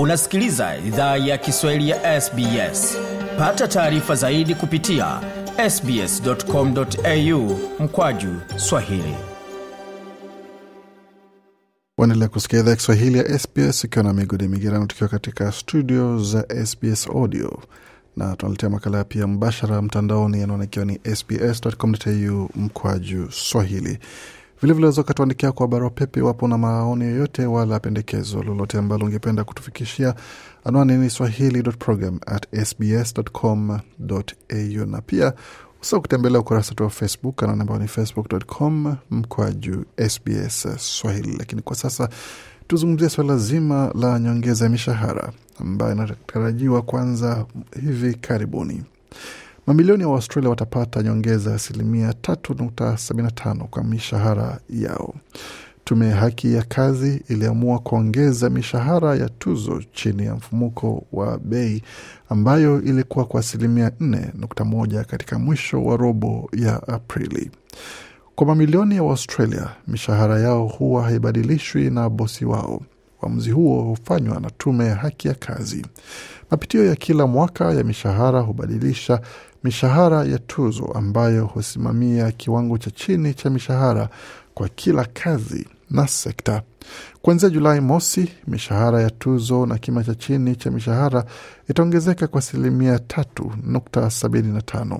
unasikiliza idhaa ya kiswahili ya sbs pata taarifa zaidi kupitia sbscomau mkwaju swahili waendelea kusikia idhaa ya kiswahili ya sbs ikiwa na migodi migerano tukiwa katika studio za sbs audio na tunaletea makala pia mbashara mtandaoni anaonekiwa ni sbscomau mkwaju swahili Vilevile unaweza ukatuandikia kwa barua pepe iwapo na maoni yoyote wala pendekezo lolote ambalo ungependa kutufikishia. Anwani ni swahili.program@sbs.com.au, na pia usahau kutembelea ukurasa wetu wa Facebook, anwani ambayo ni facebook.com mkwaju SBS Swahili. Lakini kwa sasa tuzungumzie swala zima la nyongeza ya mishahara ambayo inatarajiwa kuanza hivi karibuni. Mamilioni ya wa Waustralia watapata nyongeza ya asilimia 3.75 kwa mishahara yao. Tume ya haki ya kazi iliamua kuongeza mishahara ya tuzo chini ya mfumuko wa bei ambayo ilikuwa kwa asilimia 4.1 katika mwisho wa robo ya Aprili. Kwa mamilioni ya wa Waustralia, mishahara yao huwa haibadilishwi na bosi wao. Uamuzi huo hufanywa na tume ya haki ya kazi. Mapitio ya kila mwaka ya mishahara hubadilisha Mishahara ya tuzo ambayo husimamia kiwango cha chini cha mishahara kwa kila kazi na sekta. Kuanzia Julai mosi, mishahara ya tuzo na kima cha chini cha mishahara itaongezeka kwa asilimia 3.75.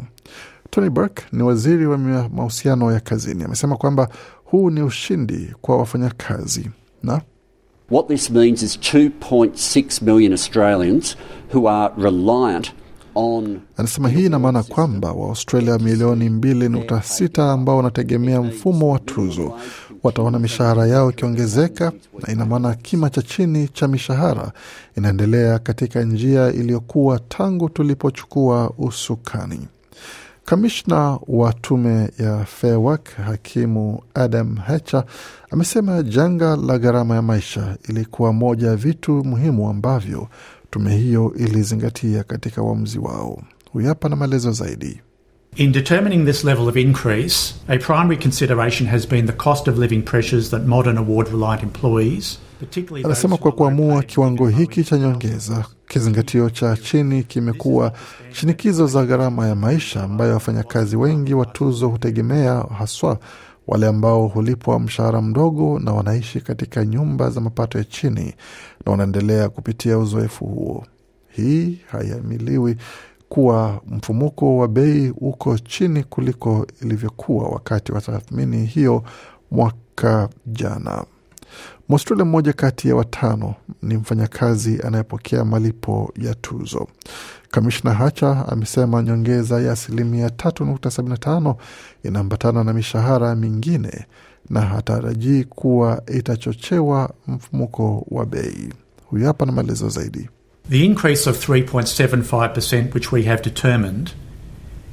Tony Burke ni waziri wa mahusiano ya kazini, amesema kwamba huu ni ushindi kwa wafanyakazi na What this means is 2.6 million Australians who are reliant Anasema hii ina maana kwamba Waaustralia milioni 2.6 ambao wanategemea mfumo wa tuzo wataona mishahara yao ikiongezeka, na ina maana kima cha chini cha mishahara inaendelea katika njia iliyokuwa tangu tulipochukua usukani. Kamishna wa tume ya Fair Work hakimu Adam Hecha amesema janga la gharama ya maisha ilikuwa moja ya vitu muhimu ambavyo tume hiyo ilizingatia katika uamuzi wao. Huyu hapa na maelezo zaidi. In determining this level of increase, a primary consideration has been the cost of living pressures that modern award reliant employees Anasema kwa kuamua kiwango hiki cha nyongeza, kizingatio cha chini kimekuwa shinikizo za gharama ya maisha ambayo wafanyakazi wengi wa tuzo hutegemea, haswa wale ambao hulipwa mshahara mdogo na wanaishi katika nyumba za mapato ya chini na wanaendelea kupitia uzoefu huo. Hii haiamiliwi kuwa mfumuko wa bei uko chini kuliko ilivyokuwa wakati wa tathmini hiyo mwaka jana. Mwaustralia mmoja kati ya watano ni mfanyakazi anayepokea malipo ya tuzo. Kamishna Hacha amesema nyongeza ya asilimia 3.75 inaambatana na mishahara mingine na hatarajii kuwa itachochewa mfumuko wa bei. Huyu hapa na maelezo zaidi. The increase of 3.75% which we have determined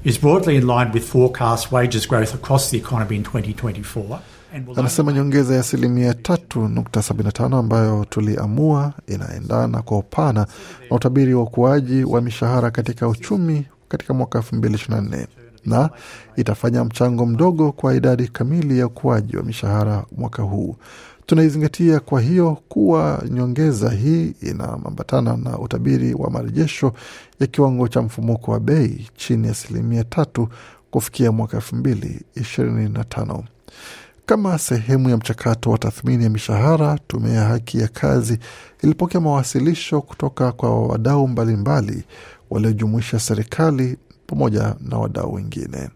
is broadly in line with forecast wages growth across the economy in 2024. Anasema nyongeza ya asilimia 3.75 ambayo tuliamua inaendana kwa upana na utabiri wa ukuaji wa mishahara katika uchumi katika mwaka 2024 na itafanya mchango mdogo kwa idadi kamili ya ukuaji wa mishahara mwaka huu. Tunaizingatia kwa hiyo kuwa nyongeza hii inaambatana na utabiri wa marejesho ya kiwango cha mfumuko wa bei chini ya asilimia tatu kufikia mwaka elfu mbili ishirini na tano. Kama sehemu ya mchakato wa tathmini ya mishahara, Tume ya Haki ya Kazi ilipokea mawasilisho kutoka kwa wadau mbalimbali waliojumuisha serikali, pamoja na wadau wengine.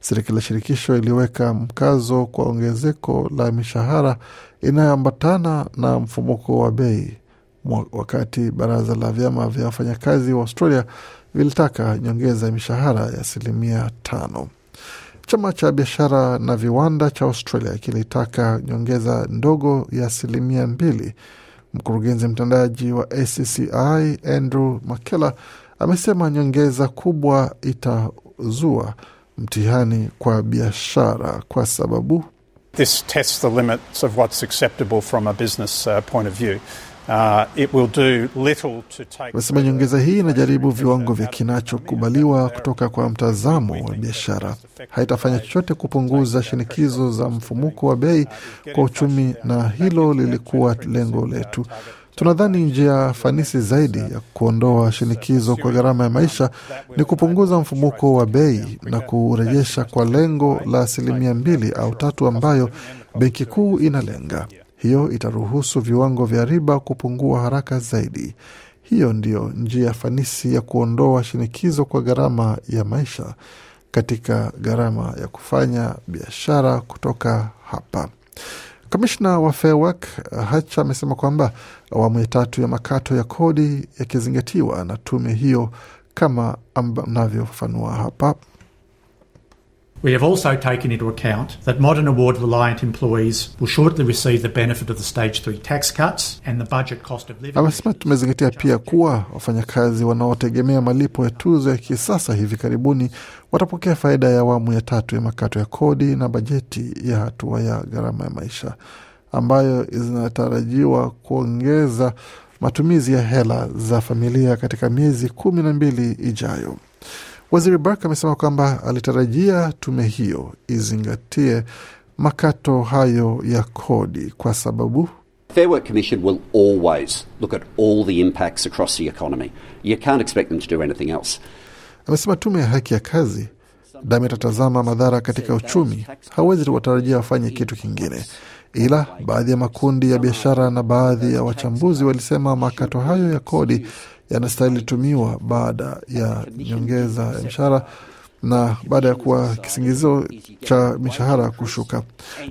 Serikali ya shirikisho iliweka mkazo kwa ongezeko la mishahara inayoambatana na mfumuko wa bei, wakati baraza la vyama vya wafanyakazi wa Australia vilitaka nyongeza ya mishahara ya asilimia tano. Chama cha biashara na viwanda cha Australia kilitaka nyongeza ndogo ya asilimia mbili. Mkurugenzi mtendaji wa ACCI Andrew Makela amesema nyongeza kubwa itazua mtihani kwa biashara kwa sababu This tests the limits of what's acceptable from a business uh, point of view. Uh, amesema nyongeza hii inajaribu viwango vya kinachokubaliwa kutoka kwa mtazamo wa biashara. Haitafanya chochote kupunguza shinikizo za mfumuko wa bei kwa uchumi, na hilo lilikuwa lengo letu. Tunadhani njia fanisi zaidi ya kuondoa shinikizo kwa gharama ya maisha ni kupunguza mfumuko wa bei na kurejesha kwa lengo la asilimia mbili au tatu ambayo benki kuu inalenga. Hiyo itaruhusu viwango vya riba kupungua haraka zaidi. Hiyo ndiyo njia fanisi ya kuondoa shinikizo kwa gharama ya maisha katika gharama ya kufanya biashara kutoka hapa. Kamishna wa fairwork uh, Hacha amesema kwamba awamu ya tatu ya makato ya kodi yakizingatiwa na tume hiyo, kama anavyofafanua hapa. We have also taken into account that modern award reliant employees will shortly receive the benefit of the stage 3 tax cuts and the budget cost of living. Amesema tumezingatia pia kuwa wafanyakazi wanaotegemea malipo ya tuzo ya kisasa hivi karibuni watapokea faida ya awamu ya tatu ya makato ya kodi na bajeti ya hatua ya gharama ya maisha ambayo zinatarajiwa kuongeza matumizi ya hela za familia katika miezi kumi na mbili ijayo. Waziri Burke amesema kwamba alitarajia tume hiyo izingatie makato hayo ya kodi kwa sababu Fair Work Commission will always look at all the impacts across the economy. You can't expect them to do anything else. Amesema tume ya haki ya kazi daima atatazama madhara katika uchumi. Hawezi watarajia wafanye kitu kingine, ila baadhi ya makundi ya biashara na baadhi ya wachambuzi walisema makato hayo ya kodi yanastahili tumiwa baada ya nyongeza ya mshahara na baada ya kuwa kisingizio cha mishahara kushuka.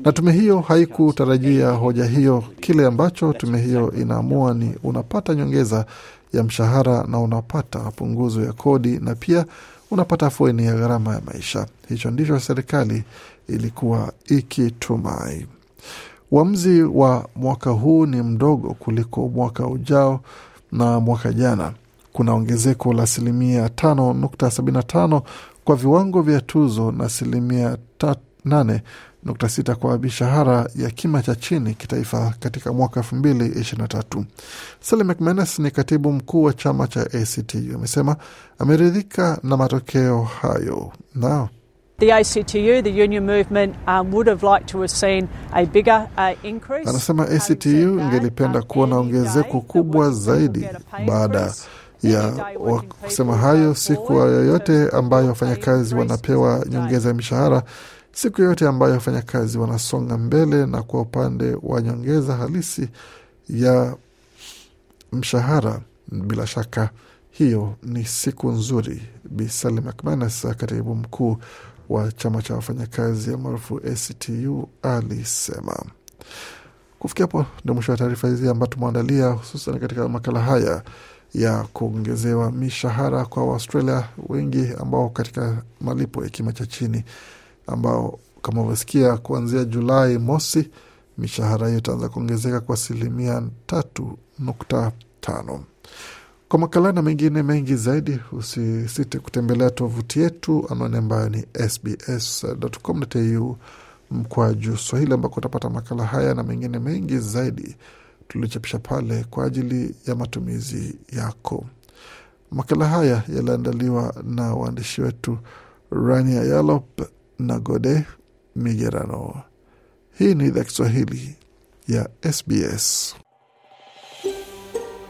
Na tume hiyo haikutarajia hoja hiyo. Kile ambacho tume hiyo inaamua ni unapata nyongeza ya mshahara na unapata punguzo ya kodi na pia unapata afueni ya gharama ya maisha. Hicho ndicho serikali ilikuwa ikitumai. Uamuzi wa mwaka huu ni mdogo kuliko mwaka ujao na mwaka jana. Kuna ongezeko la asilimia 5.75 kwa viwango vya tuzo na asilimia 8.6 kwa mishahara ya kima cha chini kitaifa katika mwaka 2023. Sally McManus ni katibu mkuu wa chama cha ACT amesema ameridhika na matokeo hayo nao The ACTU, the union movement, um, would have liked to have seen a bigger, uh, increase. Anasema ACTU ingelipenda um, kuona ongezeko kubwa zaidi baada ya kusema hayo. Siku yoyote ambayo wafanyakazi wanapewa nyongeza ya mishahara, siku yoyote ambayo wafanyakazi wanasonga mbele na kwa upande wa nyongeza halisi ya mshahara, bila shaka hiyo ni siku nzuri. Bi Salim Akmanas, katibu mkuu wa chama cha wafanyakazi almaarufu ACTU alisema. Kufikia hapo ndio mwisho wa taarifa hizi ambayo tumeandalia, hususan katika makala haya ya kuongezewa mishahara kwa Waustralia wengi ambao katika malipo ya kima cha chini, ambao kama uvyosikia, kuanzia Julai mosi mishahara hiyo itaanza kuongezeka kwa asilimia tatu nukta tano. Kwa makala na mengine mengi zaidi, usisite kutembelea tovuti yetu, anwani ambayo ni sbs.com.au mkwaju Swahili, ambako utapata makala haya na mengine mengi zaidi tuliochapisha pale kwa ajili ya matumizi yako. Makala haya yaliandaliwa na waandishi wetu Rania Yalop na Gode Migerano. Hii ni idhaa Kiswahili ya SBS